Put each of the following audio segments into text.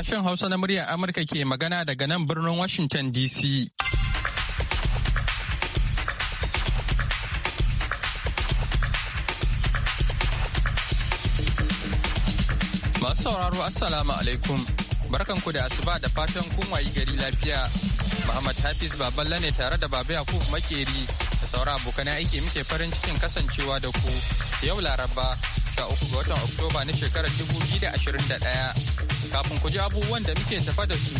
Sashen Hausa na muryar Amurka ke magana daga nan birnin Washington DC. Masu sauraro Assalamu alaikum. Barkanku da asuba da fatan kun wayi gari lafiya. Muhammad Hafiz Baballa ne tare da Baba Yakubu Makeri da sauran abokan aiki muke farin cikin kasancewa da ku yau Laraba 13 ga watan Oktoba na shekarar 2021. kafin ku ji abubuwan da muke tafa da su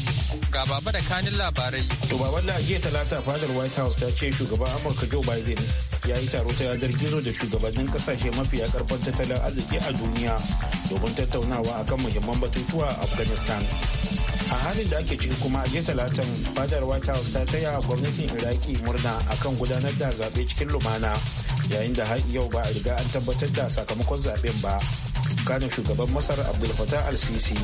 ga baba da kanin labarai. To baban da jiya talata fadar White House ta ce shugaban Amurka Joe Biden ya yi taro ta yadar gizo da shugabannin kasashe mafiya karfan tattalin arziki a duniya domin tattaunawa akan muhimman batutuwa a Afghanistan. a halin da ake ciki kuma jiya talatin fadar white house ta taya a gwamnatin iraki murna akan gudanar da zaɓe cikin lumana yayin da har yau ba a riga an tabbatar da sakamakon zaɓen ba tsakanin shugaban masar abdul fatah al-sisi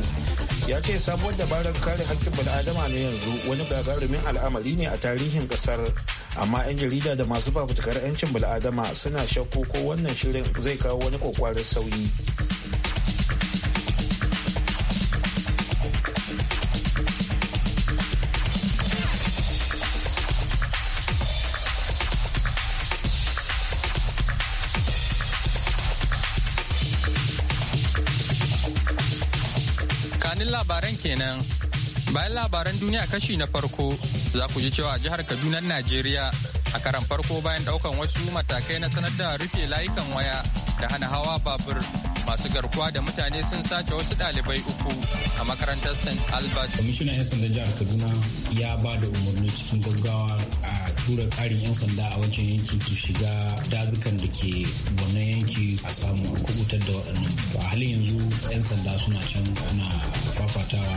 ya ce sabuwar dabarar kare hakkin bal'adama na yanzu wani gagarumin al'amari ne a tarihin kasar amma 'yan jarida da masu fafutukar 'yancin bal'adama suna shakku ko wannan shirin zai kawo wani kokwarin sauyi kenan. Bayan labaran duniya kashi na farko za ku ji cewa a jihar Kaduna Najeriya a karan farko bayan daukan wasu matakai na sanar da rufe layukan waya da hana hawa babur masu garkuwa da mutane sun sace wasu ɗalibai uku a makarantar st albert kwamishinan 'yan sandan jihar kaduna ya ba da umarni cikin gaggawa a tura ƙarin 'yan sanda a wancan yanki su shiga dazukan da ke wannan yanki a samu a kubutar da waɗannan a halin yanzu 'yan sanda suna can ana fafatawa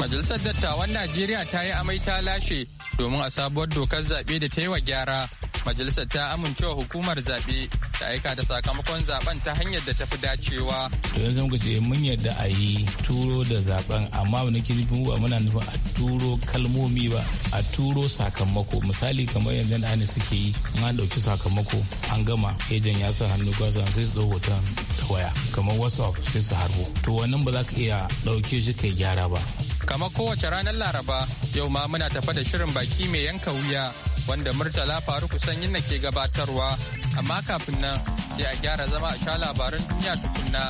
majalisar dattawan najeriya ta yi amai ta lashe domin a sabuwar dokar zaɓe da ta yi wa gyara majalisar ta amincewa hukumar zaɓe ta aika da sakamakon zaben ta hanyar da ta fi dacewa. To yanzu muka ce mun yarda a yi turo da zaben amma wani kirifin wa muna nufin a turo kalmomi ba a turo sakamako misali kamar yanzu da hannu suke yi an ɗauki sakamako an gama ejen ya sa hannu gwasa sai su ɗau hoton da waya kamar whatsapp sai su harbo to wannan ba za ka iya ɗauke shi kai gyara ba. Kamar kowace ranar Laraba yau ma muna tafa da shirin baki mai yanka wuya wanda Murtala Faruku kusan na ke gabatarwa, amma kafin nan sai a gyara zama a sha labaran duniya tukunna.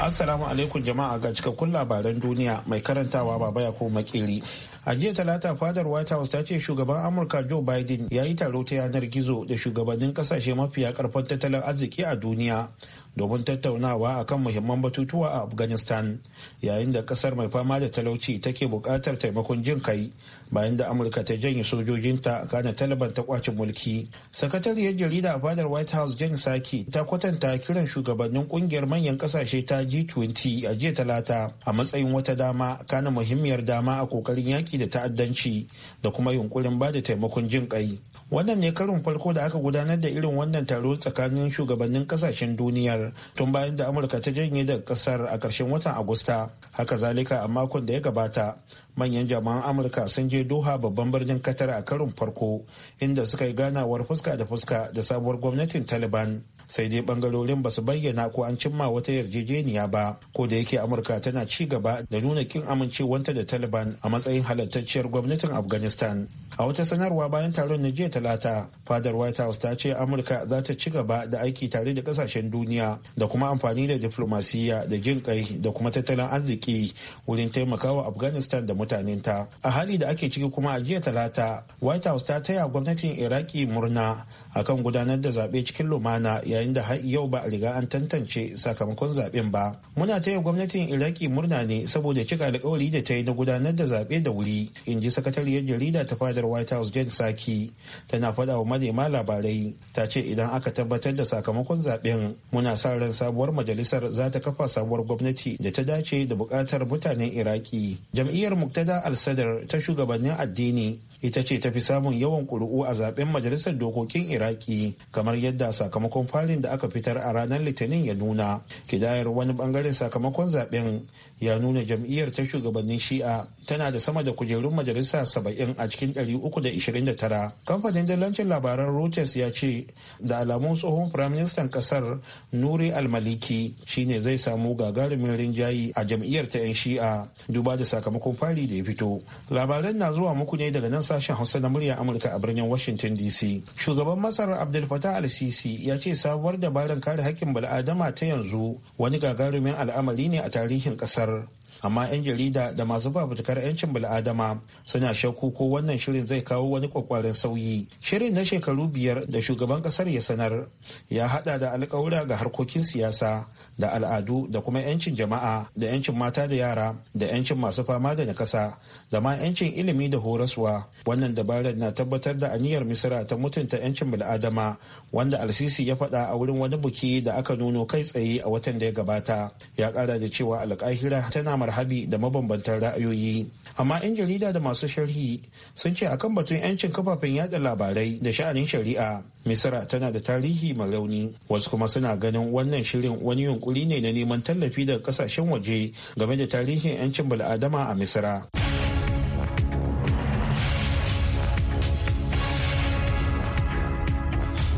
Assalamu alaikum jama'a ga cikakkun labaran duniya mai karantawa baba ya ko makeri. A jiya talata fadar White House ta ce shugaban Amurka Joe Biden ya yi taro ta yanar gizo da shugabannin kasashe mafiya karfan tattalin arziki a duniya domin tattaunawa a kan muhimman batutuwa a afghanistan yayin da kasar mai fama da talauci take buƙatar taimakon jin kai bayan da amurka ta janye sojojinta kana taliban ta kwacin mulki sakatariyar jarida a fadar white house jen saki ta kwatanta kiran shugabannin kungiyar manyan kasashe ta g20 a jiya talata a matsayin wata dama kana muhimmiyar dama a kokarin yaki da ta'addanci da kuma yunkurin bada taimakon jin kai wannan ne karin farko da aka gudanar da irin wannan taro tsakanin shugabannin kasashen duniyar tun bayan da amurka ta janye daga kasar a ƙarshen watan agusta haka zalika a makon da ya gabata manyan jami'an amurka sun je doha babban birnin katar a karin farko inda suka yi ganawar fuska da fuska da sabuwar gwamnatin taliban sai dai bangarorin ba su bayyana ko an cimma wata yarjejeniya ba ko da yake amurka tana ci gaba da nuna kin amincewanta da taliban a matsayin halattacciyar gwamnatin afghanistan a wata sanarwa bayan taron na jiya talata fadar white house ta ce amurka za ta ci gaba da aiki tare da kasashen duniya da kuma amfani da diflomasiyya da jin kai da kuma tattalin arziki wurin taimakawa afghanistan da mutanenta a hali da ake ciki kuma a jiya talata white house ta taya gwamnatin iraki murna akan gudanar da zaɓe cikin lumana yayin da har yau ba a riga an tantance sakamakon zaɓen ba muna taya gwamnatin iraki murna ne saboda cika alkawari da ta yi na gudanar da zaɓe da wuri in ji sakatariyar jarida ta fadar white house jen saki tana faɗa wa manema labarai ta ce idan aka tabbatar da sakamakon zaɓen muna sa ran sabuwar majalisar za ta kafa sabuwar gwamnati da ta dace da buƙatar mutanen iraki jam'iyyar muktada al-sadar ta shugabannin addini ita ce tafi samun yawan ƙuri'u a zaben majalisar dokokin iraki kamar yadda sakamakon falin da aka fitar a ranar litinin ya nuna kidayar wani bangaren sakamakon zaben ya nuna jam'iyyar ta shugabannin shi'a tana da sama da kujerun majalisa saba'in a cikin uku da da tara. kamfanin dalancin labaran reuters ya ce da alamun tsohon firaministan kasar nuri almaliki shine zai samu gagarumin rinjayi a jam'iyyar ta 'yan shi'a duba da sakamakon fari da ya fito labaran na zuwa muku ne daga nan sashen hausa na murya amurka a birnin washington dc shugaban masar abdul fatah al-sisi ya ce sabuwar dabarar kare hakkin bal'adama ta yanzu wani gagarumin al'amari ne a tarihin kasar are amma 'yan jarida da masu fafutukar 'yancin bil'adama suna shakku ko wannan shirin zai kawo wani kwakwarin sauyi shirin na shekaru biyar da shugaban kasar ya sanar ya hada da alkawura ga harkokin siyasa da al'adu da kuma 'yancin jama'a da 'yancin mata da yara da 'yancin masu fama da nakasa da ma 'yancin ilimi da horaswa wannan dabarar na tabbatar da aniyar misira ta mutunta 'yancin bil'adama wanda alsisi ya faɗa a wurin wani buki da aka nuno kai tsaye a watan da ya gabata ya ƙara da cewa alƙahira tana habi da mabambantan ra'ayoyi amma 'yan jarida da masu sharhi sun ce akan batun 'yancin kafafen yada labarai da sha'anin shari'a misira tana da tarihi mai rauni wasu kuma suna ganin wannan shirin wani yunkuri ne na neman tallafi daga kasashen waje game da tarihin 'yancin bal'adama a misira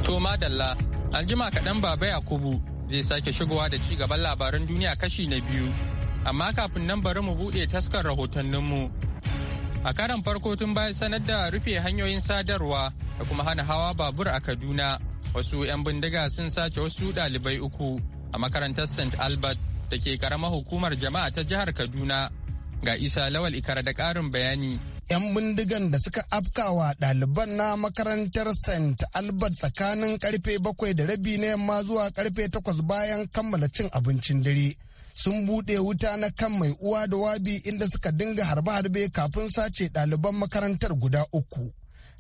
to madalla aljima kaɗan baba yakubu zai sake shigowa da ci gaban labaran duniya kashi na biyu amma kafin nan bari mu buɗe taskar rahotanninmu. A karan farko tun bayan sanar da rufe hanyoyin sadarwa da kuma hana hawa babur a Kaduna, wasu 'yan bindiga sun sace wasu ɗalibai uku a makarantar St. Albert da ke karamar hukumar jama'a ta jihar Kaduna. Ga Isa Lawal Ikara da ƙarin bayani. 'yan bindigan da suka afkawa ɗaliban na makarantar st albert tsakanin karfe bakwai da rabi na yamma zuwa karfe takwas bayan kammala cin abincin dare sun buɗe wuta na kan mai uwa da wabi inda suka dinga harbe-harbe kafin sace ɗaliban makarantar guda uku.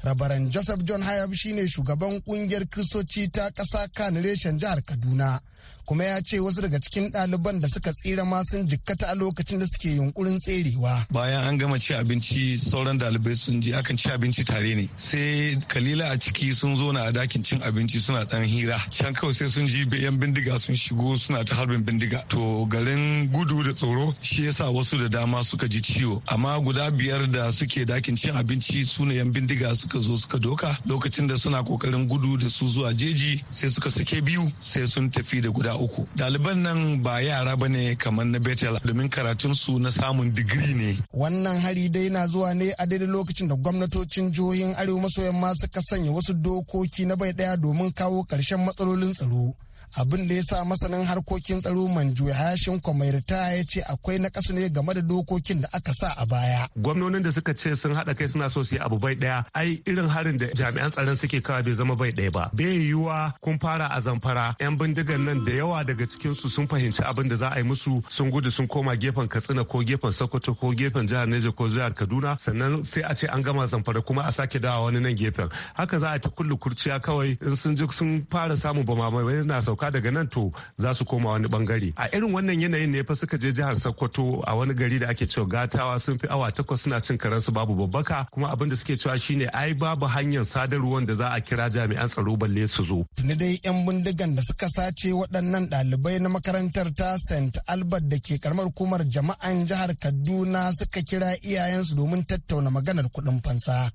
rabaran joseph john hayab shine shugaban kungiyar kristoci ta kasa kan reshen jihar kaduna kuma ya ce wasu daga cikin ɗaliban da suka tsira ma sun jikkata a lokacin da suke yunkurin tserewa bayan an gama ci abinci sauran ɗalibai sun ji akan ci abinci tare ne sai kalila a ciki sun zo na a dakin cin abinci suna ɗan hira can kawai sai sun ji yan bindiga sun shigo suna ta harbin bindiga to garin gudu da tsoro shi yasa wasu da dama suka ji ciwo amma guda biyar da suke dakin cin abinci su yan bindiga suka suka zo suka doka lokacin da suna kokarin gudu da su zuwa jeji sai suka sake biyu sai sun tafi da guda uku ɗaliban nan ba yara ba ne kamar na betel domin karatun su na samun digiri ne wannan hari dai na zuwa ne a daidai lokacin da gwamnatocin jihohin arewa maso yamma suka sanya wasu dokoki na bai daya domin kawo ƙarshen matsalolin tsaro abin da ya sa masanin harkokin tsaro manju hashin kwamairita ya ce akwai na kasu ne game da dokokin da aka sa a baya gwamnonin da suka ce sun haɗa kai suna so su yi abu bai ɗaya ai irin harin da jami'an tsaron suke kawa bai zama bai ɗaya ba bai yiwuwa kun fara a zamfara yan bindigan nan da yawa daga cikin su sun fahimci abin da za a yi musu sun gudu sun koma gefen katsina ko gefen sokoto ko gefen jihar neja ko jihar kaduna sannan sai a ce an gama zamfara kuma a sake dawa wani nan gefen haka za a ta kullu kurciya kawai in sun ji sun fara samun bamamai na sauka sauka daga nan to za su koma wani bangare a irin wannan yanayin ne fa suka je jihar sokoto a wani gari da ake cewa gatawa sun fi awa takwas suna cin karansu babu babbaka kuma abin da suke cewa shine ai babu hanyar sadarwar da za a kira jami'an tsaro balle su zo tuni dai yan bindigan da suka sace waɗannan ɗalibai na makarantar ta st albert da ke karamar hukumar jama'an jihar kaduna suka kira iyayensu domin tattauna maganar kuɗin fansa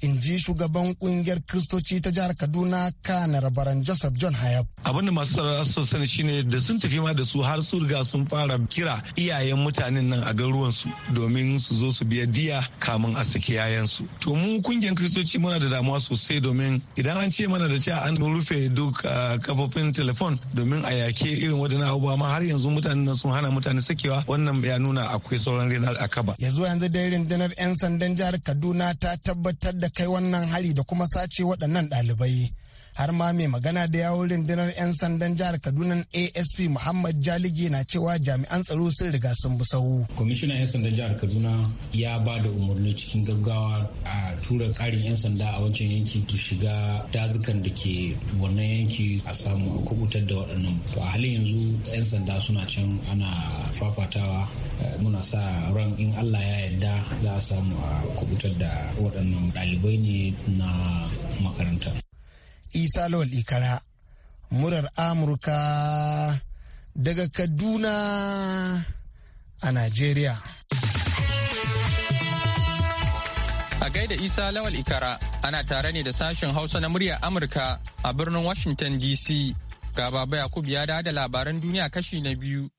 in ji shugaban kungiyar kristoci ta jihar kaduna kanar baran joseph john hayab da masu tsara su sani shine da sun tafi ma da su har su riga sun fara kira iyayen mutanen nan a garuruwan su domin su zo su biya diya kamun a saki yayan su to mu kungiyar kristoci muna da damuwa sosai domin idan an ce mana da cewa an rufe duk ah, kafofin telefon domin a yake irin wadannan abubuwa ma har yanzu mutanen nan sun hana mutane sakewa wannan ya nuna akwai sauran a akaba yanzu yanzu dai rundunar 'yan sandan jihar kaduna ta tabbatar da da kai wannan hali da kuma sace waɗannan ɗalibai har ma mai magana da yawon rundunar 'yan sandan jihar kaduna asp muhammad jalige na cewa jami'an tsaro sun riga sun bi sahu kwamishinan 'yan sandan jihar kaduna ya ba da umarni cikin gaggawa a tura karin 'yan sanda a wancan yanki su shiga dazukan da ke wannan yanki a samu a kubutar da waɗannan to a halin yanzu 'yan sanda suna can ana fafatawa eh, muna sa ran in allah ya yadda za a samu a kubutar da waɗannan ɗalibai ne na makaranta isa lawal ikara murar amurka daga kaduna a najeriya a gaida isa lawal ikara ana tare ne da sashen hausa na muryar amurka a birnin washington dc ga baba yakub ya da labaran duniya kashi na biyu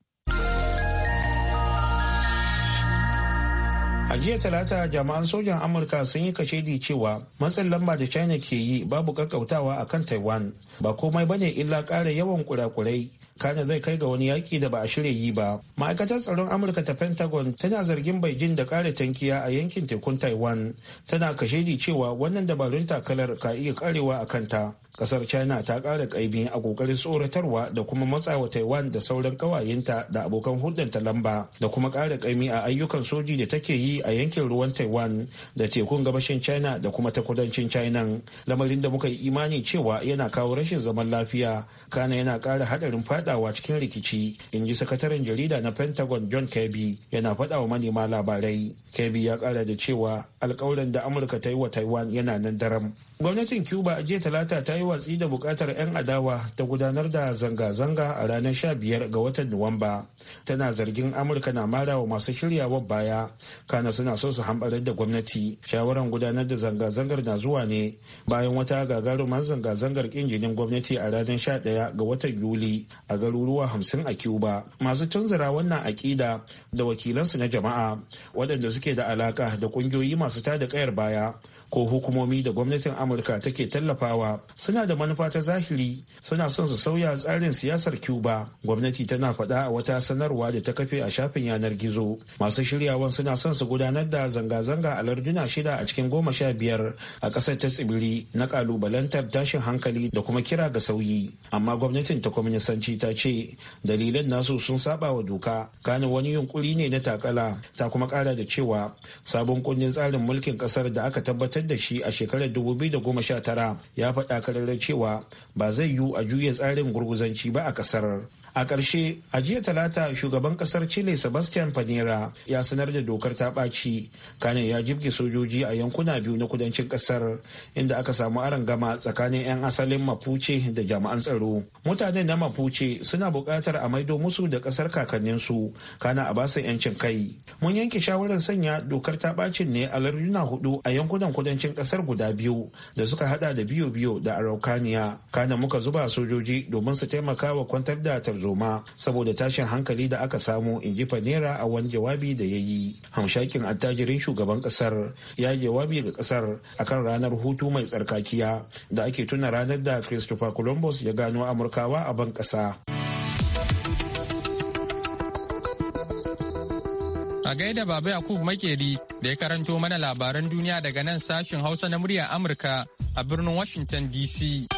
A jiya talata jama'an sojan Amurka sun yi kashedi cewa matsin lamba da China ke yi babu kakkautawa a kan Taiwan ba komai bane illa ƙara yawan kurakurai kana zai kai ga wani yaƙi da ba a shirya yi ba. Ma'aikatar tsaron Amurka ta Pentagon tana zargin Beijing da ƙara tankiya a yankin tekun Taiwan tana kashedi cewa wannan dabarun takalar ka iya karewa a kanta. kasar china ta kara ƙaimi a kokarin tsoratarwa da kuma matsawa taiwan da sauran kawayenta da abokan hulɗanta lamba da kuma kara kaimi a ayyukan soji da take yi a yankin ruwan taiwan da tekun gabashin china da kuma ta kudancin china lamarin da muka yi imani cewa yana kawo rashin zaman lafiya kana yana kara hadarin fadawa cikin rikici in ji sakataren jarida na pentagon john kirby yana faɗa wa manema labarai kirby ya kara da cewa alkawarin da amurka ta yi wa taiwan yana nan daram gwamnatin cuba a jiya talata ta yi watsi da bukatar 'yan adawa ta gudanar da zanga-zanga a ranar 15 ga watan nuwamba tana zargin amurka na mara wa masu shiryawar baya kana suna so su hambarar da gwamnati shawaran gudanar da zanga-zangar na zuwa ne bayan wata gagarumar zanga-zangar injinin gwamnati a ranar 11 ga watan yuli a garuruwa hamsin a cuba masu tunzura wannan aƙida da wakilansu na jama'a waɗanda suke da alaka da ƙungiyoyi masu tada ƙayar baya ko hukumomi da gwamnatin amurka take tallafawa suna da manufa ta zahiri suna son su sauya tsarin siyasar cuba gwamnati tana faɗa a wata sanarwa da ta kafe a shafin yanar gizo masu shiryawan suna son su gudanar da zanga-zanga a larduna shida a cikin goma sha biyar a ƙasar ta tsibiri na ƙalubalantar tashin hankali da kuma kira ga sauyi amma gwamnatin ta kwaminisanci ta ce dalilan nasu sun saba wa doka kana wani yunkuri ne na takala ta kuma ƙara da cewa sabon kundin tsarin mulkin ƙasar da aka tabbatar dakatar da shi a shekarar 2019 ya faɗa kararar cewa ba zai yiwu a juya tsarin gurguzanci ba a ƙasar a ƙarshe a jiya talata shugaban ƙasar chile sebastian panera ya sanar da dokar ta ɓaci kanin ya jibge sojoji a yankuna biyu na kudancin ƙasar inda aka samu gama tsakanin 'yan asalin mapuche da jama'an tsaro Mutane na mapuche suna buƙatar a maido musu da ƙasar kakanninsu kana a basu 'yancin kai mun yanke shawarar sanya dokar ta ɓacin ne a larduna hudu a yankunan kudancin ƙasar guda biyu da suka hada da biyo biyo da araukaniya kana muka zuba sojoji domin su taimaka wa kwantar da tarzoma. tarzoma saboda tashin hankali da aka samu in ji fanera a wani jawabi da ya yi hamshakin attajirin shugaban kasar ya jawabi ga kasar kan ranar hutu mai tsarkakiya da ake tuna ranar da christopher columbus ya gano amurkawa a ban kasa a gaida baba yakub makeri da ya karanto mana labaran duniya daga nan sashen hausa na muryar amurka a birnin washington dc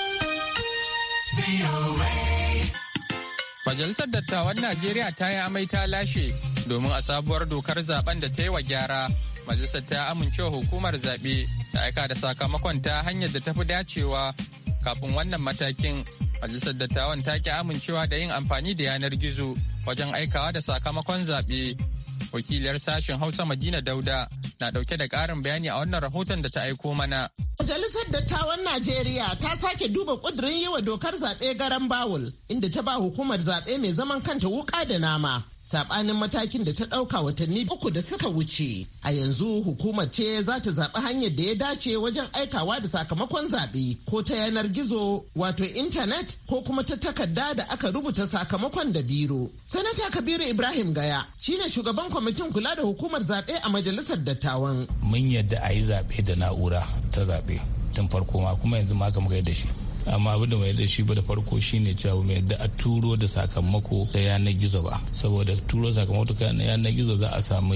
Majalisar Dattawan Najeriya ta yi amai ta lashe domin a sabuwar dokar zaben da ta yi wa gyara. Majalisar ta amince hukumar zaɓe ta aika da sakamakon ta hanyar da ta fi dacewa kafin wannan matakin. Majalisar Dattawan ta ki amincewa da yin amfani da yanar gizo wajen aikawa da sakamakon zaɓe wakiliyar sashen hausa madina dauda na dauke da karin bayani a wannan rahoton da ta aiko mana majalisar dattawan najeriya ta sake duba kudirin yi wa dokar zaɓe garan bawul inda ta ba hukumar zaɓe mai zaman kanta wuka da nama sabanin matakin da ta ɗauka watanni uku da suka wuce a yanzu hukumar ce za ta zaɓi hanyar da ya dace wajen aikawa da sakamakon zaɓe ko ta yanar gizo wato intanet ko kuma ta takarda da aka rubuta sakamakon da biro sanata kabiru ibrahim gaya shine shugaban kwamitin kula da hukumar zaɓe a majalisar dattawan mun yadda a yi zaɓe da na'ura ta zaɓe tun farko ma kuma yanzu ma ka muka da shi amma abin da mai da shi ba da farko shine cewa mai yadda a turo da sakamako ta yanar gizo ba saboda turo sakamako ta yanar gizo za a samu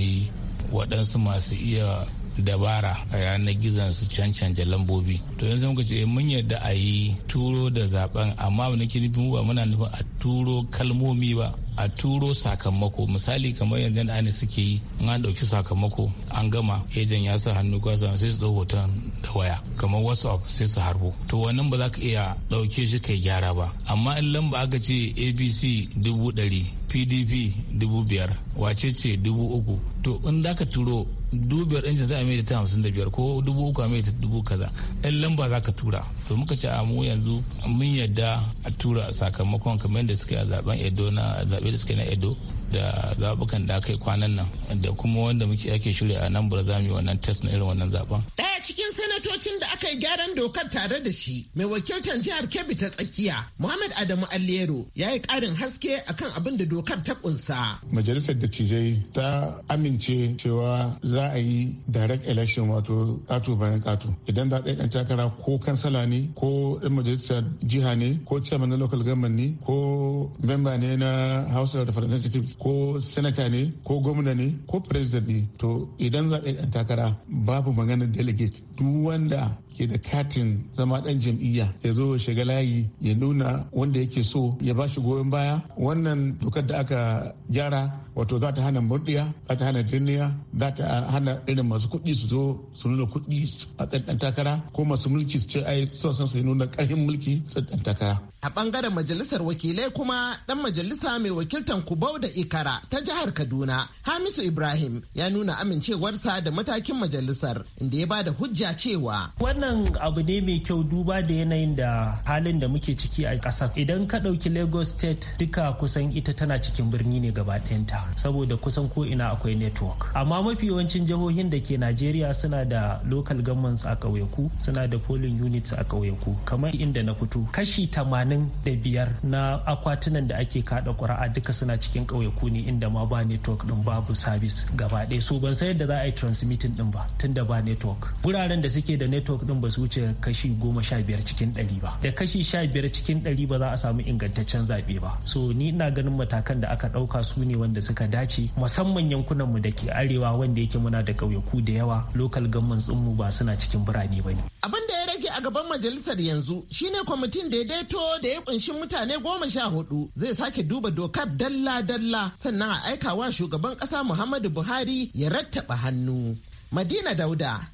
waɗansu masu iya dabara a yanar gizon su cancanta lambobi to yanzu muka ce eh, mun yadda a yi turo da zaben amma wani kirfi ba muna nufin a turo kalmomi ba a turo sakamako misali kamar yanzu da ana suke yi in an ɗauki sakamako an gama ejen ya sa hannu sa sai su ɗau hoton da waya kamar whatsapp sai su harbo to wannan ba za ka iya ɗauke shi kai gyara ba amma in lamba aka ce abc dubu ɗari pdp dubu biyar wace ce dubu uku to in za ka turo dubu biyar ɗin za a mai da ta hamsin da biyar ko dubu uku a mai da dubu kaza ɗan lamba za ka tura to muka ce a mu yanzu mun yadda a tura sakamakon kamar yadda suka yi a zaben edo na zaɓe da suka na edo da zaɓukan da aka yi kwanan nan da kuma wanda muke ake shirya a nan za mu yi wannan test na irin wannan zaɓen. sanatocin da aka yi gyaran dokar tare da shi mai wakiltar jihar Kebbi ta tsakiya Muhammad Adamu Allero ya yi karin haske akan abin da dokar ta kunsa. Majalisar dattijai ta amince cewa za a yi direct election wato kato bayan kato idan za a ɗaya takara ko kansala ne ko ɗan majalisar jiha ne ko chairman na local government ne ko memba ne na house of representatives ko senator ne ko gwamna ne ko president ne to idan za a ɗaya takara babu maganar delegate duk Wonder. ke da katin zama dan jam'iyya ya zo ya shiga layi ya nuna wanda yake so ya ba shi goyon baya wannan dokar da aka gyara wato za ta hana murdiya za ta hana duniya za ta hana irin masu kuɗi su zo su nuna kuɗi a ɗan takara ko masu mulki su ce ai so san su nuna ƙarfin mulki su ɗan takara. a bangaren majalisar wakilai kuma ɗan majalisa mai wakiltan kubau da ikara ta jihar kaduna hamisu ibrahim ya nuna amincewarsa da matakin majalisar inda ya ba da hujja cewa. wannan wannan abu ne mai kyau duba da yanayin da halin da muke ciki a kasar. idan ka ɗauki lagos state duka kusan ita tana cikin birni ne gaba ɗayanta saboda kusan ko ina akwai network amma mafi yawancin jihohin da ke najeriya suna da local governments a ƙauyaku suna da polling units a ƙauyaku kamar inda na fito kashi tamanin da biyar na akwatunan da ake kaɗa ƙuri'a duka suna cikin ƙauyaku ne inda ma ba network ɗin babu service gaba ɗaya so ban san yadda za a yi transmitting ɗin ba tunda ba network guraren da suke da network ɗin din ba su wuce kashi goma sha biyar cikin ɗari ba da kashi sha biyar cikin ɗari ba za a samu ingantaccen zaɓe ba so ni ina ganin matakan da aka ɗauka su ne wanda suka dace musamman yankunan mu da ke arewa wanda yake muna da ƙauyaku da yawa local governments mu ba suna cikin birane ba ne. abin da ya rage a gaban majalisar yanzu shine kwamitin daidaito da ya kunshi mutane goma sha hudu zai sake duba dokar dalla-dalla sannan a aikawa shugaban ƙasa muhammadu buhari ya rattaba hannu madina dauda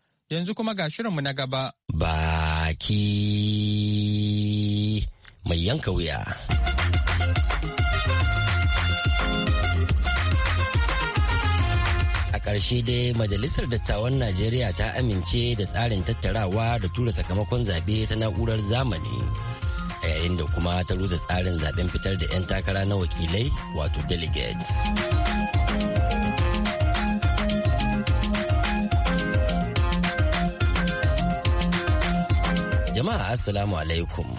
Yanzu kuma ga shirinmu na gaba. Baki mai yanka wuya. A ƙarshe dai Majalisar Dattawan Najeriya ta amince da tsarin tattarawa da tura sakamakon zaɓe ta na'urar zamani. a yayin da kuma ta rusa tsarin zaɓen fitar da 'yan takara na wakilai wato delegates. Jama'a Assalamu alaikum.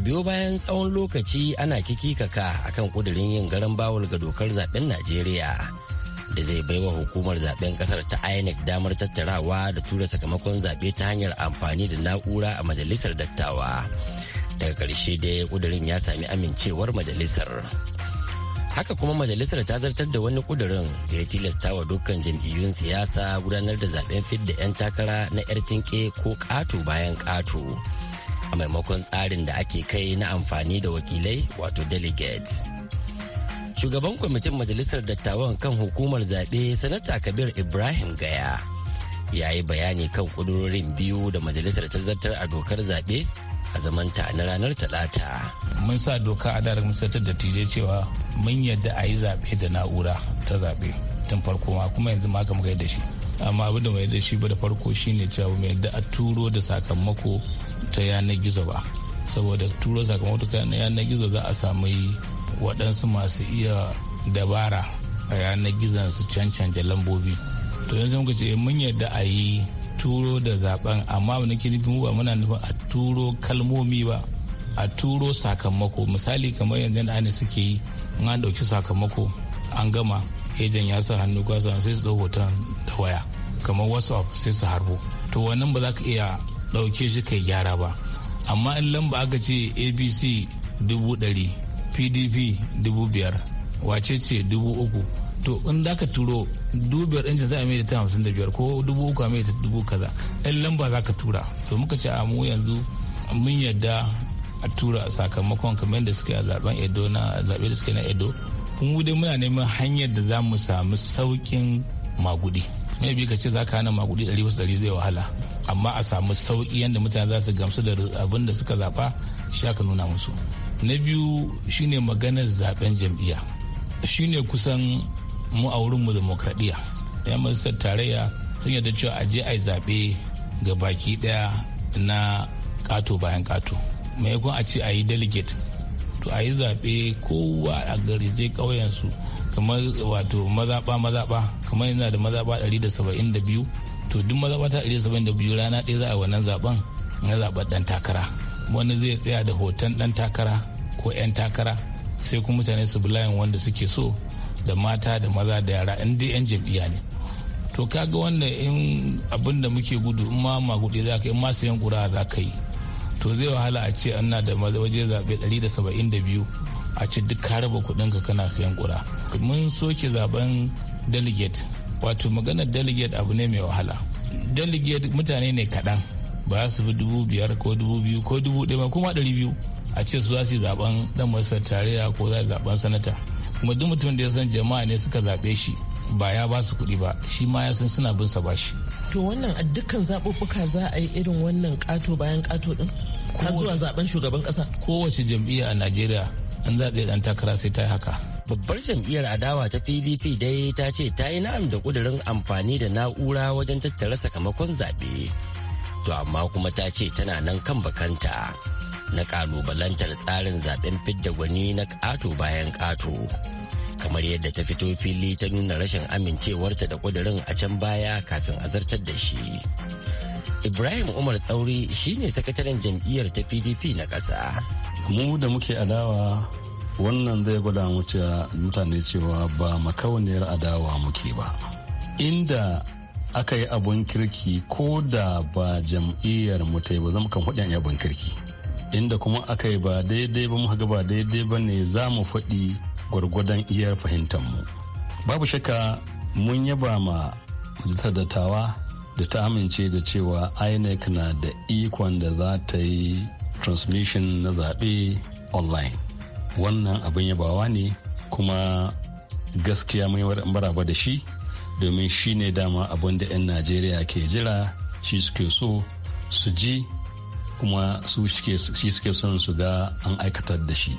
Biyo bayan tsawon lokaci ana kikikaka kan kudirin yin garan bawul ga dokar zaben Najeriya da zai baiwa hukumar zaben kasar ta INEC damar tattarawa da tura sakamakon zabe ta hanyar amfani da na'ura a majalisar dattawa. Daga ƙarshe dai kudirin ya sami amincewar majalisar. haka kuma majalisar ta zartar da wani kudurin da ya tilasta wa dukkan jam'iyyun siyasa gudanar da zaben fidda 'yan takara na 'yar tinke ko ƙato bayan ƙato a maimakon tsarin da ake kai na amfani da wakilai wato delegates shugaban kwamitin majalisar dattawan kan hukumar zaɓe sanata kabir ibrahim gaya ya yi bayani kan kudurorin biyu da majalisar ta zartar a dokar zaɓe a zamanta na ranar talata. Mun sa doka a darar misatar da tije cewa mun yadda a yi zaɓe da na'ura ta zaɓe tun farko ma kuma yanzu ma kama yadda shi. Amma abin da mai yadda shi ba da farko shine cewa mai yadda a turo da sakamako ta yanar gizo ba. Saboda turo sakamako ta yanar gizo za a samu waɗansu masu iya dabara a yanar gizon su cancanta lambobi. to yanzu muka ce mun yadda a yi turo da zaben amma mu nufin ba muna nufin a turo kalmomi ba a turo sakamako misali kamar yanzu da ana suke yi an ɗauki sakamako an gama ejen ya sa hannu kwasa sai su dau hoton da waya kamar whatsapp sai su harbo to wannan ba za ka iya ɗauke shi kai gyara ba amma in lamba aka ce abc dubu ɗari pdp dubu biyar wace ce dubu uku to in za ka turo dubiyar ɗin za a mai da ta hamsin da biyar ko dubu uku a mai da dubu kaza ɗan lamba za ka tura to muka ce a mu yanzu mun yadda a tura sakamakon kamar da suke a zaben edo na zaɓe da suke na edo mu dai muna neman hanyar da za mu samu sauƙin magudi mai bi ka ce za ka hana magudi ɗari wasu ɗari zai wahala amma a samu sauƙi yadda mutane za su gamsu da abin da suka zaɓa shi aka nuna musu na biyu shine maganar zaben jam'iyya shine kusan mu a wurinmu demokradiyya yan majalisar tarayya sun yarda cewa a je a yi zaɓe ga baki ɗaya na ƙato bayan ƙato maimakon a ce a yi delegate to a yi zaɓe kowa a garije ƙauyensu kamar wato mazaɓa mazaɓa kamar yana da mazaɓa 172 to duk mazaɓa ta 172 rana ɗaya za a wannan zaɓen na zaɓar ɗan takara wani zai tsaya da hoton ɗan takara ko 'yan takara sai kuma mutane su bi layin wanda suke so da mata da maza da yara in dai 'yan jam'iyya ne to kaga wannan in abin da muke gudu in ma magudi za ka yi ma sayan kura za ka yi to zai wahala a ce ana da waje zaɓe 172 a ce duk ka raba kuɗin ka kana sayan kura mun soke zaben delegate wato maganar delegate abu ne mai wahala delegate mutane ne kaɗan ba su fi dubu biyar ko dubu biyu ko dubu ɗaya kuma ɗari biyu a ce su za su yi zaben ɗan majalisar tarayya ko za su zaben sanata kuma duk mutum da ya san jama'a ne suka zaɓe shi ba ya ba su kuɗi ba shi ma ya san suna bin sa shi. to wannan a dukkan zaɓuɓɓuka za a yi irin wannan ƙato bayan ƙato din har zuwa zaben shugaban ƙasa kowace jam'iyya a najeriya an zaɓe ɗan takara sai ta yi haka babbar jam'iyyar adawa ta pdp dai ta ce ta yi na'am da kudirin amfani da na'ura wajen tattara sakamakon zaɓe to amma kuma ta ce tana nan kan bakanta na kalubalantar tsarin zaben fidda gwani na ƙato bayan ƙato kamar yadda ta fito fili ta nuna rashin amincewarta da ƙudurin a can baya kafin a zartar da shi ibrahim umar tsauri shine sakataren jam'iyyar ta pdp na ƙasa mu da muke adawa wannan zai gwada mu cewa mutane cewa ba makauniyar adawa muke ba inda aka yi abun kirki ko da ba jam'iyyar mu ta yi ba zama kan hudu abun kirki inda kuma aka yi ba daidai ba muka ba daidai ba ne za mu faɗi gwargwadon iyar mu babu shakka mun yaba ma majalisar dattawa da ta amince da cewa inec na da ikon da za ta yi transmission na zaɓe online wannan abin yabawa ne kuma gaskiya mai maraba da shi domin shi ne dama abin da 'yan najeriya ke jira shi suke so su ji kuma su shi suke son su ga an aikatar da shi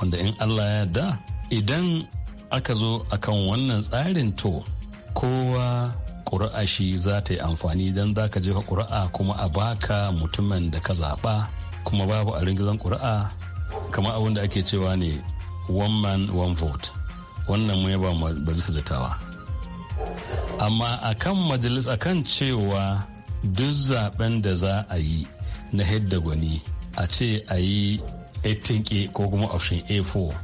wanda in allah ya da idan aka zo akan wannan tsarin to kowa ƙura'a shi za ta yi amfani don za ka jefa ƙura'a kuma a baka mutumin da ka zaɓa kuma babu a ringizan ƙura'a kama abin da ake cewa ne one man one vote wannan mu yaba da dattawa amma akan majalis akan cewa duk zaben da za a yi na hedda gwani a ce a yi ko kuma option a4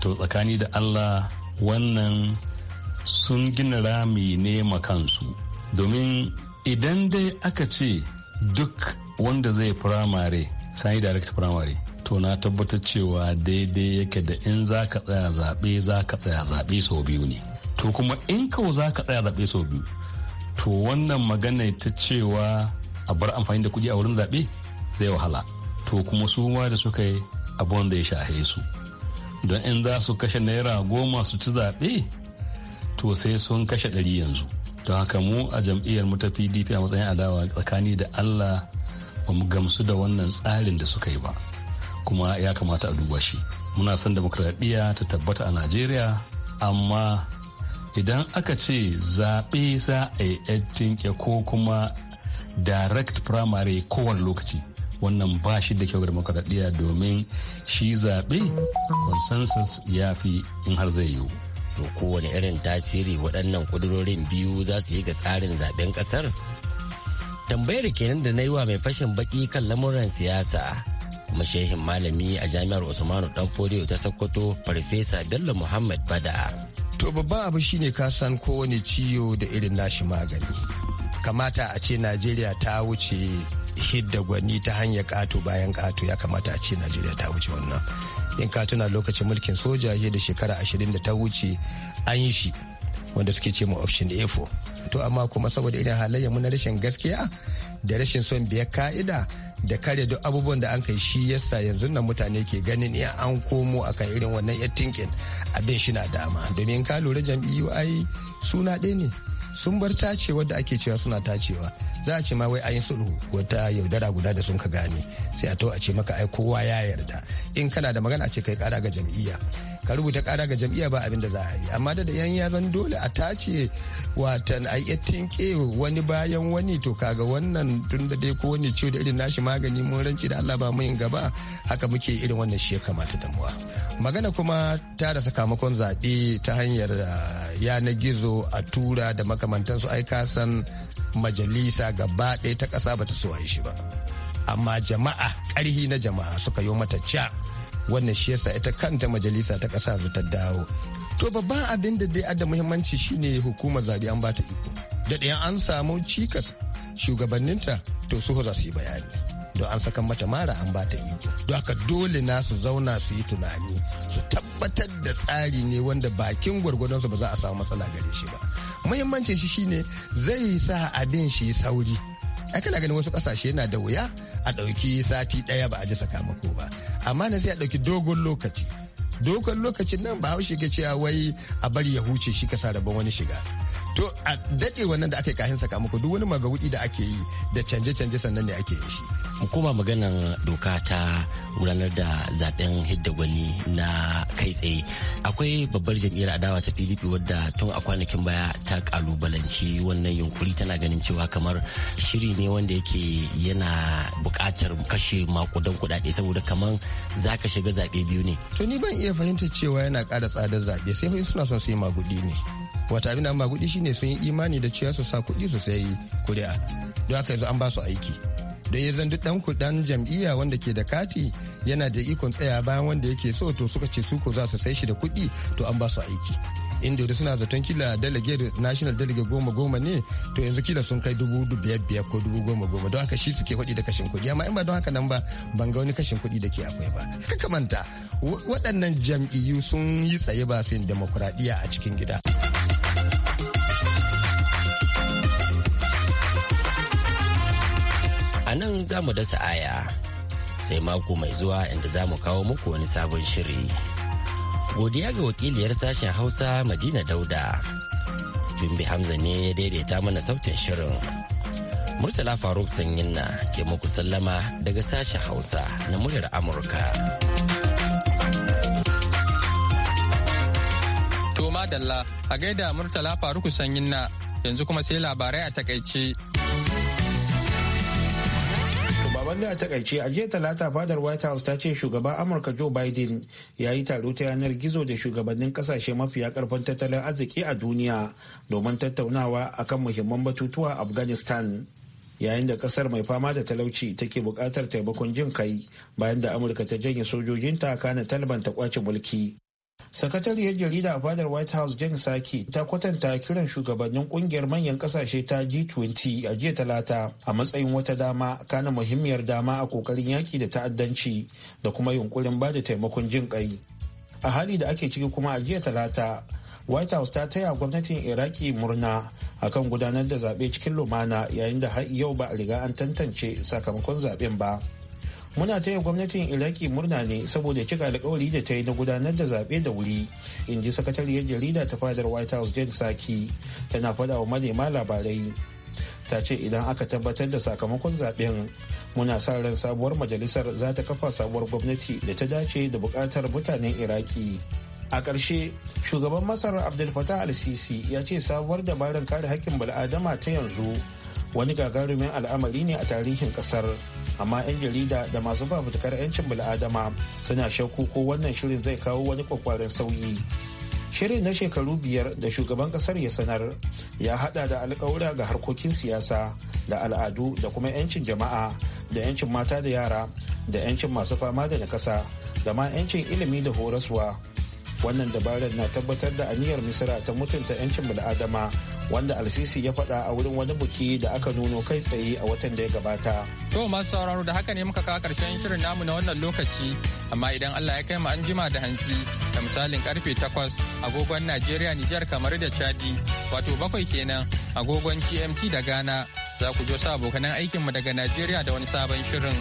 to tsakani da allah wannan sun gina rami ne makansu domin idan dai aka ce duk wanda zai firamare sani direct firamare to na tabbatar cewa daidai yake da in za ka tsaya zaɓe za ka tsaya zaɓe sau biyu ne to kuma in kawo za ka tsaya zaɓe sau biyu to wannan magana ta cewa a bar amfani da kuɗi a wurin zaɓe zai wahala to kuma su ma da suka yi abun da ya shahe su don in za su kashe naira goma su ci zaɓe to sai sun kashe ɗari yanzu don haka mu a jam'iyyar mu ta pdp a matsayin adawa tsakani da allah ba mu gamsu da wannan tsarin da suka yi ba kuma ya kamata a duba shi muna son demokradiyya ta tabbata a najeriya amma idan aka ce zaɓe za a yi ko kuma direct primary kowane lokaci wannan ba shi da kyau ga demokradiyya domin shi zaɓe consensus ya fi in har zai yiwu to kowane irin tasiri waɗannan ƙudurorin biyu za su yi ga tsarin zaɓen ƙasar tambayar kenan da na yi wa mai fashin baƙi kan lamuran siyasa mashehin malami a jami'ar usmanu danfodiyo ta sokoto farfesa bello muhammad bada to babban abu shine ka san kowane ciwo da irin nashi magani kamata a ce najeriya ta wuce hidda gwani ta hanyar ƙato bayan ƙato ya kamata a ce najeriya ta wuce wannan in ka tuna lokacin mulkin soja da shekara ashirin da ta wuce an yi shi wanda suke ce ma option a4 to amma kuma saboda irin halayyar mu na rashin gaskiya da rashin son biyar ka'ida da kare duk abubuwan da an kai shi yasa yanzu nan mutane ke ganin iya an komo akan irin wannan yattinkin abin shi na dama domin ka lura jam'iyyu ai suna ɗaya ne sun bar tace wadda ake cewa suna tacewa za a ce ma wai ayin sulhu wata yaudara guda da sun ka gane sai a to a ce maka ai kowa ya yarda in kana da magana a ce kai kara ga jam'iyya ka rubuta kara ga jam'iyya ba abin da za a yi amma da yan ya zan dole a tace watan ai tinke wani bayan wani to kaga wannan tun da dai ko wani ciwo da irin nashi magani mun rance da Allah ba mu yin gaba haka muke irin wannan shi ya kamata damuwa magana kuma ta da sakamakon zaɓe ta hanyar yanar gizo a tura da makamantansu ai san majalisa gaba ɗaya ta ƙasa bata so a yi shi ba amma jama'a ƙarhi na jama'a suka yi mata ca wannan shi yasa ita kanta majalisa ta ƙasa ta dawo to babban abin da dai da muhimmanci shine hukumar zabi an bata iko da ɗayan an samu cikas shugabanninta to su za su yi bayani don an saka mata mara an bata iko don haka dole na su zauna su yi tunani su tabbatar da tsari ne wanda bakin gwargwadonsu ba za a samu matsala gare shi ba muhimmancin shi shine zai sa abin shi sauri a kana ganin wasu kasashe yana da wuya a ɗauki sati ɗaya ba a ji sakamako ba amma na sai a ɗauki dogon lokaci dogon lokacin nan ba haushe ga cewa wai a bari ya huce shi ka sa rabon wani shiga to a daɗe wannan da aka yi kahin sakamako duk wani magawudi da ake yi da canje-canje sannan ne ake yi shi. mu koma maganar doka ta gudanar da zaben hidda gwani na kai tsaye akwai babbar jam'iyyar adawa ta pdp wadda tun a kwanakin baya ta kalubalanci wannan yunkuri tana ganin cewa kamar shiri ne wanda yake yana bukatar kashe makudan kuɗaɗe saboda kamar za ka shiga zaɓe biyu ne to ni ban iya fahimta cewa yana ƙara tsadar zaɓe sai fa suna son su yi magudi ne wata abin da magudi shine sun yi imani da cewa su sa kuɗi su sayi kuri'a don haka yanzu an ba su aiki da ya zan dan kudan jam'iyya wanda ke da kati yana da ikon tsaya bayan wanda yake so to suka ce su ko za su sai shi da kuɗi to an ba su aiki inda da suna zaton kila delegate national delegate goma goma ne to yanzu kila sun kai dubu biyar biyar ko dubu goma goma don haka shi suke kuɗi da kashin kuɗi amma in ba don haka nan ba ban ga wani kashin kuɗi da ke akwai ba kaka manta waɗannan jam'iyyu sun yi tsaye ba su yin demokuraɗiyya a cikin gida. a nan za mu dasa aya sai mako mai zuwa inda za mu kawo muku wani sabon shiri. Godiya ga wakiliyar sashen Hausa Madina Dauda. Jumbi Hamza ne ya daidaita mana sautin shirin. Murtala Faruk Sanyinna ke muku sallama daga sashen Hausa na muryar Amurka. To madalla a gaida Murtala Faruk Sanyinna yanzu kuma sai labarai a takaici wanda a takaice a jiya talata fadar white house ta ce shugaban amurka joe biden ya yi taro ta yanar gizo da shugabannin kasashe mafiya karfin tattalin arziki a duniya domin tattaunawa akan muhimman batutuwa afghanistan yayin da kasar mai fama da talauci take bukatar taimakon jin kai bayan da amurka ta janye sojojinta kana taliban ta kwace mulki sakatariyar jarida a fadar white house jen saki ta kwatanta kiran shugabannin kungiyar manyan kasashe ta g20 a jiya talata a matsayin wata dama kana muhimmiyar dama a kokarin yaki da ta'addanci da kuma yunkurin ba da taimakon jin kai a hali da ake ciki kuma a jiya talata white house ta taya gwamnatin iraki murna akan gudanar da zaɓe cikin lumana yayin da har yau ba a riga an tantance sakamakon zaɓen ba muna taya gwamnatin iraki murna ne saboda cika alkawari da ta yi na gudanar da zaɓe da wuri in ji sakatariyar jarida ta fadar white house jen saki tana faɗa wa manema labarai ta ce idan aka tabbatar da sakamakon zaɓen muna sa ran sabuwar majalisar za ta kafa sabuwar gwamnati da ta dace da buƙatar mutanen iraki a ƙarshe shugaban masar abdul fatah al-sisi ya ce sabuwar dabarar kare hakkin bal'adama ta yanzu wani gagarumin al'amari ne a tarihin kasar amma 'yan jarida da masu fafutukar 'yancin bil'adama suna shakku ko wannan shirin zai kawo wani kwakwaren sauyi shirin na shekaru biyar da shugaban kasar ya sanar ya hada da alkawura ga harkokin siyasa da al'adu da kuma 'yancin jama'a da 'yancin mata da yara da 'yancin masu fama da nakasa da ma 'yancin ilimi da horaswa wannan dabarar na tabbatar da aniyar misira ta mutunta 'yancin bil'adama wanda alsisi ya faɗa a wurin wani buki da aka nuno kai tsaye a watan da ya gabata. To masu sauraro da haka ne muka kawo karshen shirin namu na wannan lokaci amma idan Allah ya kai mu an jima da hantsi da misalin karfe takwas agogon Najeriya Nijar kamar da Chadi wato bakwai kenan agogon GMT da Ghana za ku jo sa abokanan aikinmu daga Najeriya da wani sabon shirin.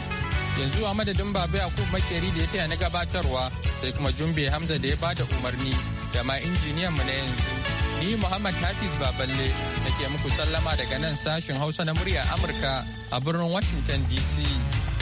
Yanzu a madadin Baba Yakub Makeri da ya taya na gabatarwa sai kuma Jumbe Hamza da ya bada umarni da ma injiniyan mu na yanzu. Ni Muhammad Hafiz Baballe nake muku sallama daga nan sashin Hausa na murya Amurka a birnin Washington DC.